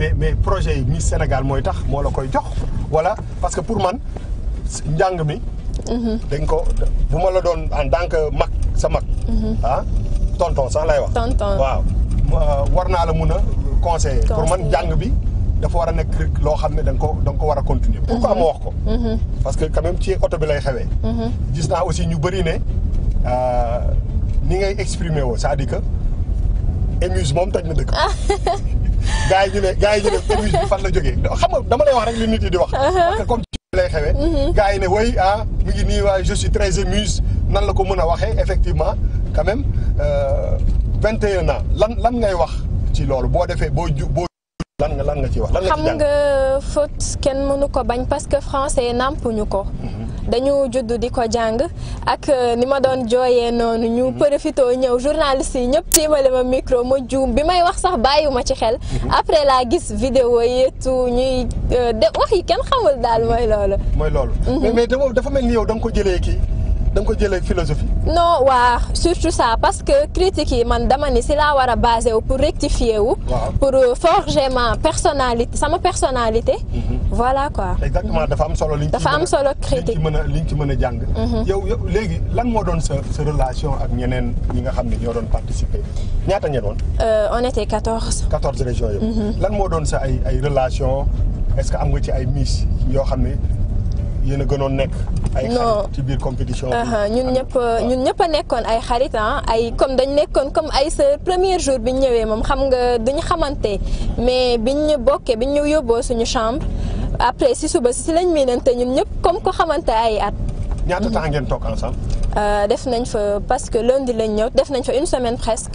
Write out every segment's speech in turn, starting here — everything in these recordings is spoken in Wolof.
mais mais projet yi Miss Sénégal mooy tax moo la koy jox wala parce que pour man njàng mi. Mhm. dañ ko bu ma la doon en tant que mag sa mag. Mhm. ah tonton sax lay wax. tonton waaw war naa la mun a conseiller. pour man njàng bi dafa war a nekk rek loo xam ne da ko da war a continuer. pourquoi am mhm. wax ko. parce que quand même ci oto bi lay xewee. gis naa aussi ñu bëri ne euh, ni ngay exprimer woo c'est-à-dire moom toj na dëkk. gars yi ñu ne yi ñu ne bi fan la jógee xam nga dama lay wax rek lu nit yi di wax. Uh-huh. parce que comme ci lay xewee. Mm-hmm. gars yi ne way ah ngi nii waaye je suis très émuse nan la ko mën a waxee effectivement quand même euh, vingt et un lan lan ngay wax ci loolu boo defee boo ju boo. lan nga lan nga ci wax lan nga ci jàng xam nga faute kenn mënu ko bañ parce que français nàmpuñu ko. Mm-hmm. dañu judd di ko jàng ak euh, ni ma doon jooyee noonu ñu mhm. profité ñëw journaliste yi ñëpp tiimale ma micro ma juum bi may wax sax bàyyiwuma ci xel mhm. après laa gis vidéo yettu ñuy euh, de wax yi kenn xamul daal mooy loolu mooy loolu mhm. mais mais dafa mel ni yow da ko jëlee kii da nga ko jëlee philosophie. non waa surtout ça parce que critiques yi man dama ni si laa war a basé wu pour rectifier wu. pour euh, forger ma personnalité sama personnalité. Mhm. voilà quoi. exactement dafa am solo. li liñ dafa am solo critique liñ ci mën a liñ ci mën a jàng. Mhm. yow yow léegi lan moo doon sa sa relation ak ñeneen ñi nga xam ne ñoo doon participer ñaata ngeen woon. Euh, on était quatorze. quatorze régions yëpp. Mhm. lan moo doon sa ay ay relation est-ce que am nga ci ay miss yoo xam ne. yéen a gënoon nekk. ay xarit ci biir compétition ñun ñëpp ñun ñëpp a nekkoon ay xarit ah. ay comme dañ nekkoon comme ay sa premier jour bi ñu ñëwee moom xam nga duñu xamante mais biñ ñu bokkee bi ñu yóbboo suñu chambre après si suba si lañ miinante ñun ñëpp comme ko xamante ay at. ñaata mhm. temps ngeen toog ensemble. Euh, def nañ fa parce que lundi lañ ñëw def nañ fa une semaine presque.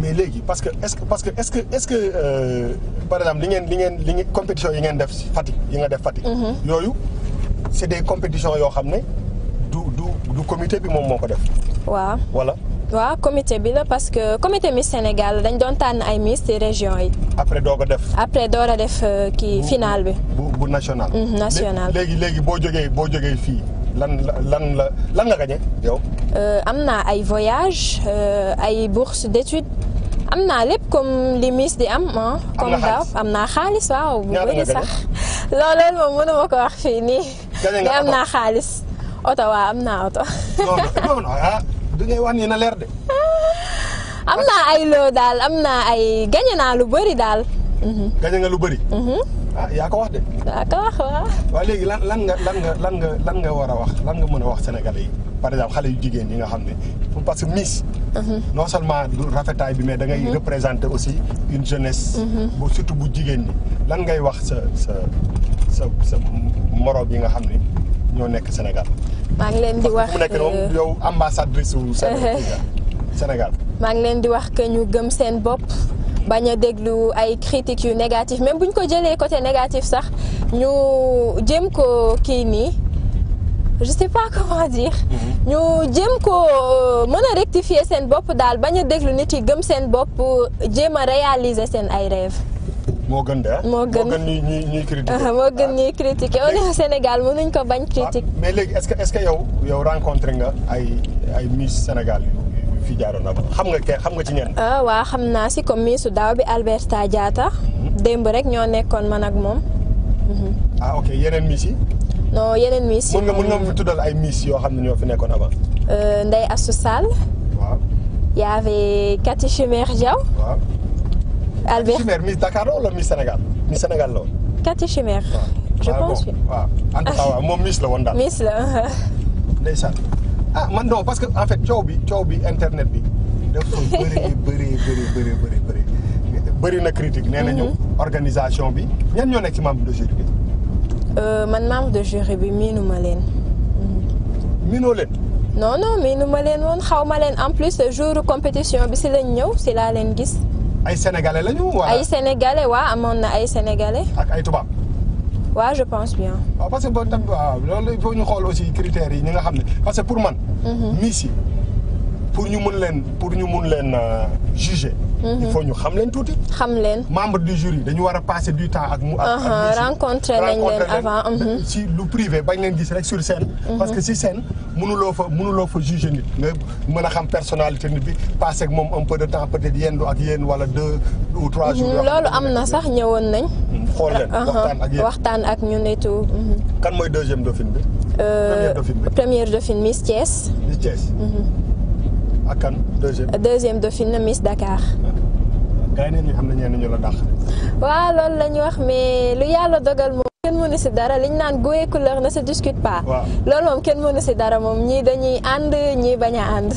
mais léegi parce que est-ce parce que est-ce que est-ce que euh, exemple li ngeen li li ngeen compétition yi ngeen def Fatick yi nga def Fatick. Mhm. yooyu. c' est des compétitions yoo xam ne du du du comité bi moom moo ko def. waaw voilà. waaw comité bi la parce que comité Miss Sénégal dañ doon tànn ay miss ci région yi. après doo ko def. après doo a def euh, kii final bi. bu bu national. Mhm, national léegi léegi boo jógee boo jógee fii lan lan la lan nga gañe yow. Euh, am naa ay voyage euh, ay bourse d'études am naa lépp comme li miss di am ah. comme daaw am naa xaalis waaw. bu bëri sax loolu moom mënuma ko wax fii nii. gañe am naa xaalis oto waaw am naa oto. non ah, wax nii na leer de. am naa ay loo daal am naa ay gañe naa lu bari daal. gañe nga lu bëri. Mhm. ah yaa ko wax de. yaa ko wax waaw. léegi lan lan nga lan nga lan nga lan nga war a wax lan nga mën a wax sénégalais yi par exemple xale yu jigéen yi nga xam ne parce que Miss. Mhm. non seulement du rafetaay bi mais da ngay mhm. représenter aussi une jeunesse. Mhm. bu surtout bu jigéen ñi lan ngay wax sa sa sa sa moroom yi nga xam ne ñoo nekk Sénégal. maa ngi leen di wax mu nekk moom yow ambassadrice wu Sénégal. maa ngi leen di wax que ñu gëm seen bopp. bañ a déglu ay critiques yu négatif même bu ñu ko jëlee côté négatif sax ñu jëm ko kii nii je sais pas comment dire. Mm-hmm. ñu jëm ko euh, mën a rectifier seen bopp daal bañ a déglu nit yi gëm seen bopp jéem a réaliser seen ay rêves. moo gën de ah? moo gën moo gën ñuy ñuy ñuy critiquer. Ah, moo gën ah. ñuy critiquer au Sénégal mënuñ ko bañ critique mais léegi est-ce que est-ce que yow yow rencontré nga ay ay Miss Sénégal yi. fi jaaroon na ko xam nga ke xam nga ci ñenn. Ah, waa xam naa si comme mii su daaw bi Alberta Diatta. Mm-hmm. démb rek ñoo nekkoon man ak moom. Mm-hmm. ah ok yeneen miss yi. non yeneen miss yi. mën nga mën nga tuddal ay miss yoo xam ne ñoo fi nekkoon avant. Euh, Ndeye Assou Sall. waaw. y avait Cathy Chimère Diaw. waaw. Albert Chimère Dakar la wala Miss Sénégal Miss Sénégal la woon. Cathy ah, ah, moom miss la woon daal. miss la. ndeysaan. ah man non parce que en coow bi coow bi internet bi dafa bëri bëri bëri bëri bëri bëri bëri na critique nee ñëw mhm. organisation bi ñan ñoo nekk ci membre de jury bi euh, man membre de jury bi miinu ma leen mhm. miinoo leen non non miinu ma leen woon xaw ma leen en plus jour compétition bi si lañ ñëw si laa leen gis ay sénégalais lañu waa ay sénégalais waa amoon na ay sénégalais ak ay tubaab waa je pense bien. parce que boo tam waaw loolu il ñu xool aussi critères yi ñi nga xam ne parce que pour man. miss mhm. yi pour ñu mun leen pour ñu mun leen euh, juger. Mhm. il faut ñu xam leen tuuti. xam leen membre du jury dañu war a du temps ak. mu ak uh-huh, rencontré nañ leen avant mhm. si lu privé bañ leen gis rek sur scène. parce que si scène mënuloo fa mënuloo fa juger nit nga mën a xam personnalité nit bi passé ak moom un peu de temps peut-être yendu ak yéen wala deux ou trois jours. loolu am na sax ñëwoon nañ. xool leen. Uh-huh. waxtaan ak ñu waxtaan tout. Mm-hmm. kan mooy deuxième dauphine bi. Euh, première dauphine bi première dauphine Miss Thiès. Miss Thiès. Mm-hmm. ak kan deuxième. deuxième dauphine Miss Dakar. ñu xam waaw loolu la wax mais lu yàlla dogal moom. kenn mënu si dara liñ naan goût et couleur ne se discute pas. loolu moom kenn mënu si dara moom ñii dañuy ànd ñii bañ a ànd.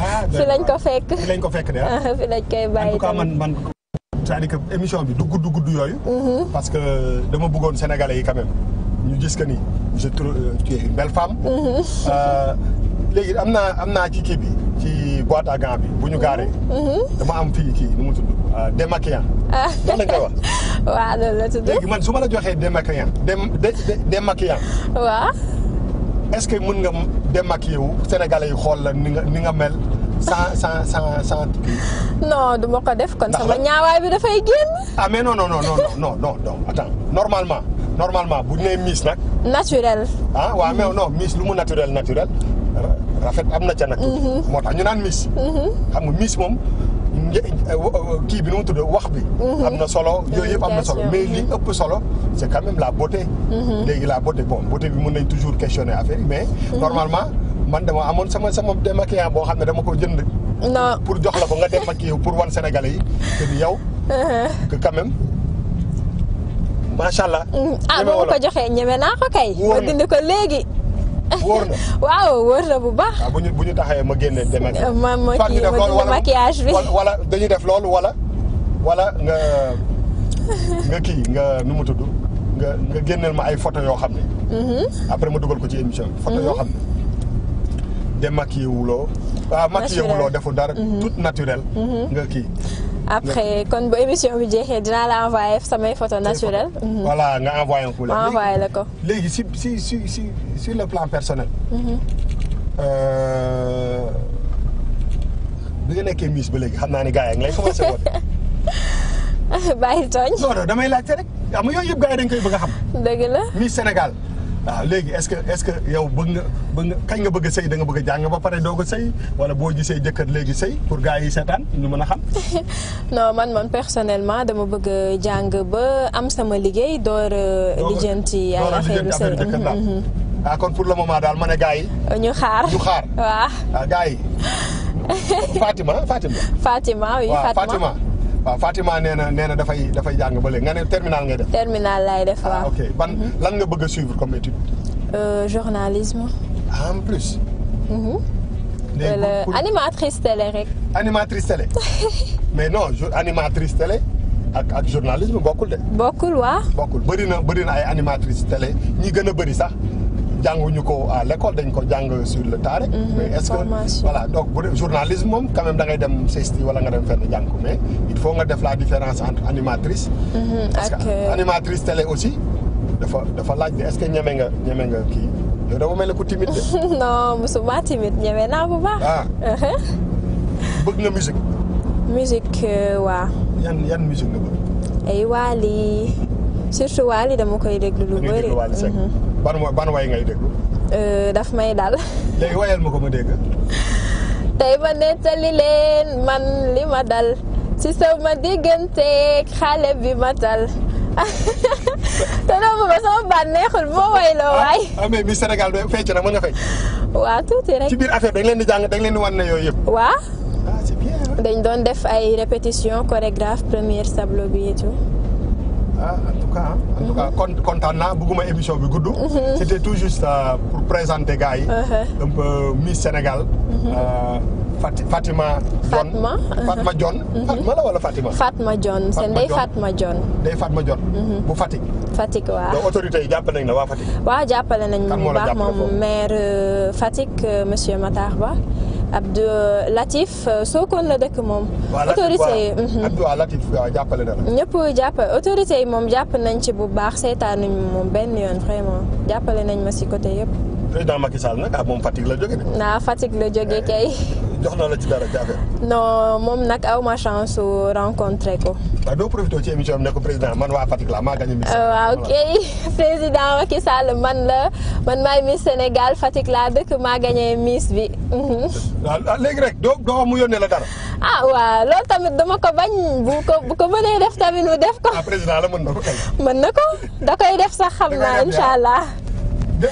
Ah, fi lañ ko fekk. fi lañ ko fekk de ah. fi lañ koy bàyyi tamit man man. cest à émission bi du gudd gudd yooyu. Mhm. parce que dama bëggoon sénégalais yi quand ñu gis que ni je trouve euh, tu es une belle femme. Mhm. Euh, léegi am naa am naa ci kii bi ci boîte à gants bi bu ñu gaaree. Mhm. dama am fii kii nu mu tudd euh, démaquillant. lan lañ koy wax. loolu la tudd. léegi man su ma la joxee démaquillant dém dé démaquillant. waaw. est-ce que mun nga démaquiller wu sénégalais yi xool la ni nga ni nga mel. sans sans sans sans. non du ma ko def kon sama ñaawaay bi dafay génn. ah mais non non non non non non non attends normalement normalement bu ñu nee miis nag. naturel. ah waaw mais non miis lu mu naturel naturel rafet am na ca nag. Mhm. moo tax ñu naan miis. Mhm. xam nga miis moom. kii bi nu mu tudd wax bi. Mhm. am na solo yooyu yëpp am na solo mais li ëpp solo c' est quand même la beauté. léegi la beauté bon beauté bi mën nañ toujours questionner affaire yi mais normalement. man dama amoon sama sama démaquillant boo xam ne dama ko jënd. non pour jox la ko nga démaquillé pour wan senegal yi que ni yow. que quand même. allah. Mm. ah ba ko joxee ñeme naa ko kay. ma dindi ko léegi. wóor na waaw wóor na bu baax. waaw ah, bu ñu bu ñu taxawee ma génne démaquillé. ma ma kii ma dindi maquillage wala dañuy def loolu wala. wala nga nga kii nga nu mu tudd nga nga génneel ma ay photo yoo xam ne. Mm-hmm. après ma dugal ko ci émission bi. photo mm-hmm. yoo xam ne. démaquillé wuloo waaw ah, maquillé defu dara mhm. tout naturel mhm. nga kii après kon bu émission bi jeexee dinaa la envoyé samay photo naturelle mhm. voilà nga envoyé ko la ko léegi si si si si sur le plan personnel euh, bi nga nekkee Miss ba léegi xam naa ni gars yi ngi lay commencé woon bàyyi tooñ non non damay laajte rek xam nga yooyu yëpp gars yi koy bëgg a xam dëgg la Miss Sénégal waaw léegi est-ce que est-ce que yow bëgg nga bëgg nga kañ nga bëgg sëy danga bëgg jàng ba pare doo a sëy wala boo gisee jëkkër léegi sëy pour gars yi seetaan ñu mën a xam. non man man personnellement dama bëgg jàng ba am sama liggéey door euh, a. lijjanti la affaire sëy a mhm. ah, kon pour la moment daal ma a gars yi. ñu xaar ñu xaar. waaw ah, gars yi. Fatima Fatima. Fatima oui Fatima. waaw Fatima nee na nee na dafay dafay jàng ba léegi nga ne terminal nga def. terminal laay def ah, waaw. ok ban mhm. lan nga bëgg a suivre comme étude. Euh, journalisme. Ah, en plus. Mhm. Euh, léegi animatrice télé rek. animatrice télé mais non animatrice télé ak ak journalisme bokkul de. bokkul waaw. bokkul bëri na bëri na ay animatrice télé ñi gën a bëri sax. jànguñu ko à dañ ko jàng sur le tas rek mhm, mais est-ce que donc bu moom quand dangay da ngay dem CESTI wala nga dem fenn jàng ko mais il nga def la différence entre animatrice mhm, euh, animatrice télé aussi dafa dafa laaj bi est-ce ñeme nga ñeme nga kii yow dama mel ne ku timide de non musuma timide ñeme naa bu baax ah. uh-huh. bëgg nga musique musique euh, waaw yan yan musique nga bëgg ay Wally surtout Wally dama koy déglu lu bëri. Mhm. ban ban ngay déglu. Euh, daf may dal. léegi wayal ma ko ma dégg. tey ma nettali leen man li ma dal ci sama digganteeg xale bi ma tal te dama ba sama baat neexul moo loo ah, waay. ah mais bi Sénégal doy fecc na mën nga fecc. waaw tuuti rek. ci biir affaire dañ leen di jàng dañ leen di wan yooyu yëpp. waaw. Ah, dañ doon def ay répétition chorégraphe première tableau bi et en tout cas. en tout cas kon kontaan naa bëgguma émission bi gudd. Mhm. c' était tout juste euh, pour présenter gars yi. un uh-huh. peu Miss Sénégal. Mhm. Euh, Fatima John Fatma John. Mhm. Fatma la wala Fatima. Fatma John seen day Fatma John. day Fatma John. yi jàppale nañ la waa Fatick. waaw jàppale nañ bu moom maire euh, Fatick monsieur Matar Ba. Abdou Latif euh, Sokone la dëkk moom. autorité yi mhm. Abdou Latif jàppale yi moom jàpp nañ ci bu baax seetaanuñ moom benn yoon vraiment jàppale nañ ma si côté yëpp. président Macky nag ah moom Fatick la jógee. naa Fatick la jógee kay. Eh. jox na la ci dara ci non moom nag aw ma chance su rencontré ko. waaw doo ci émission man waa Fatick laa maa gagné Miss. waaw ah, ok président Macky Sall man la man maay Miss Sénégal Fatick laa dëkk maa gagné Miss bi. waaw ah, ah, léegi rek doo mu yónnee la dara. ah waaw loolu tamit dama ko bañ bu ko bu ko mënee def tamit mu def ko. man président la mën na ko da koy def sax xam naa incha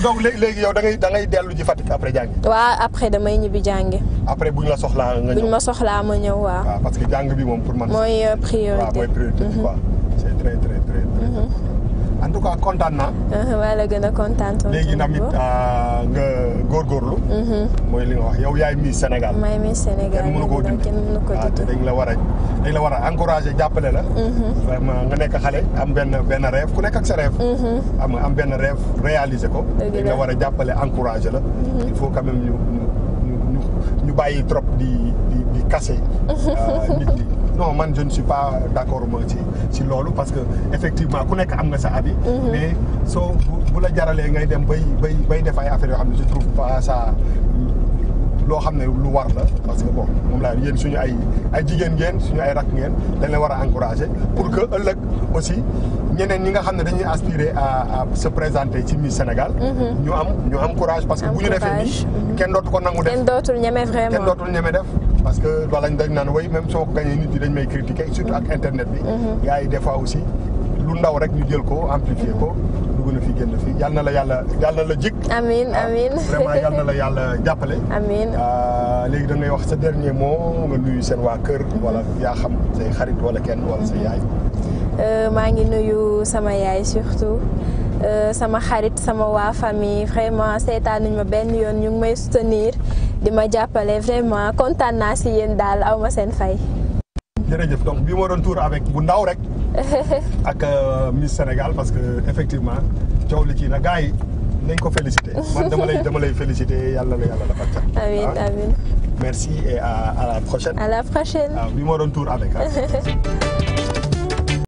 donc léegi yow da ngay da ngay dellu ji Fatick après jàngi. waaw après damay ñibbi jàngi. après buñ la soxlaa nga ñëw buñ ma soxlaa ma ñëw waaw. Ah, parce que jàng bi moom pour man. mooy euh, priorité waaw mooy priorité bi mhm. quoi. c' est très mhm. en tout cas kontaan naa. Uh-huh, waa la gën a kontaan. léegi tamit ah, nga góorgóorlu. Mhm. mooy li nga wax yaw yaay Miss Sénégal. maay Miss Sénégal kenn mënu ko dindi kenn ah, dañ la war a dañ la war a encourager jàppale la. Mhm. vraiment nga nekk xale am benn benn rêve ku nekk ak sa rêve. Mhm. am am benn rêve réaliser ko. dañ la war a jàppale encourager la. Mhm. il faut quand même ñu ñu ñu bàyyi trop di di di euh, nit ñi non man je ne suis pas d'accord ma ci ci loolu parce que effectivement ku nekk am nga sa avis. mais soo bu la jaralee ngay dem bay bay bay def ay affaires yoo xam ne je trouve pas ça. loo xam ne lu war la parce que bon moom laa yéen suñu ay ay jigéen ngeen suñu ay rakk ngeen dañ leen war a encourager pour que ëllëg aussi ñeneen ñi nga xam ne dañuy aspirer à se présenter ci Miss Sénégal. Mm-hmm. ñu am ñu am courage parce que bu ñu defee nii. Mm-hmm. kenn dootu ko nangu def kenn dootul ñeme vraiment kenn dootul ñeme def. parce que wala ñu dañ naan way même soo ko gagné nit yi dañ may critiquer surtout ak internet bi. gars mm-hmm. yi des fois aussi lu ndaw rek ñu jël ko amplifier ko. dugg na fi génn fi yal la yàlla yal na la jik amiin ah, amiin vraiment yàlla jàppale. amiin ah, léegi da wax sa dernier mot nga nuyu seen waa kër. wala yaa xam say xarit wala kenn wala sa yaay. Euh, maa ngi nuyu sama yaay surtout. Euh, sama xarit sama waa famille vraiment seetaanuñ ma benn yoon ñu ngi may soutenir di ma jàppale vraiment kontaan naa si yéen daal aw ma seen fay. jërëjëf donc bi ma tour avec bu ndaw rek. ak euh, Miss Sénégal parce que effectivement coow li kii na gars yi nañ ko féliciter man dama lay dama lay féliciter yàlla la yàlla dafa cat. Ah. merci et à la prochaine. à la prochaine. waaw ah, bi moo doon tour avec ah.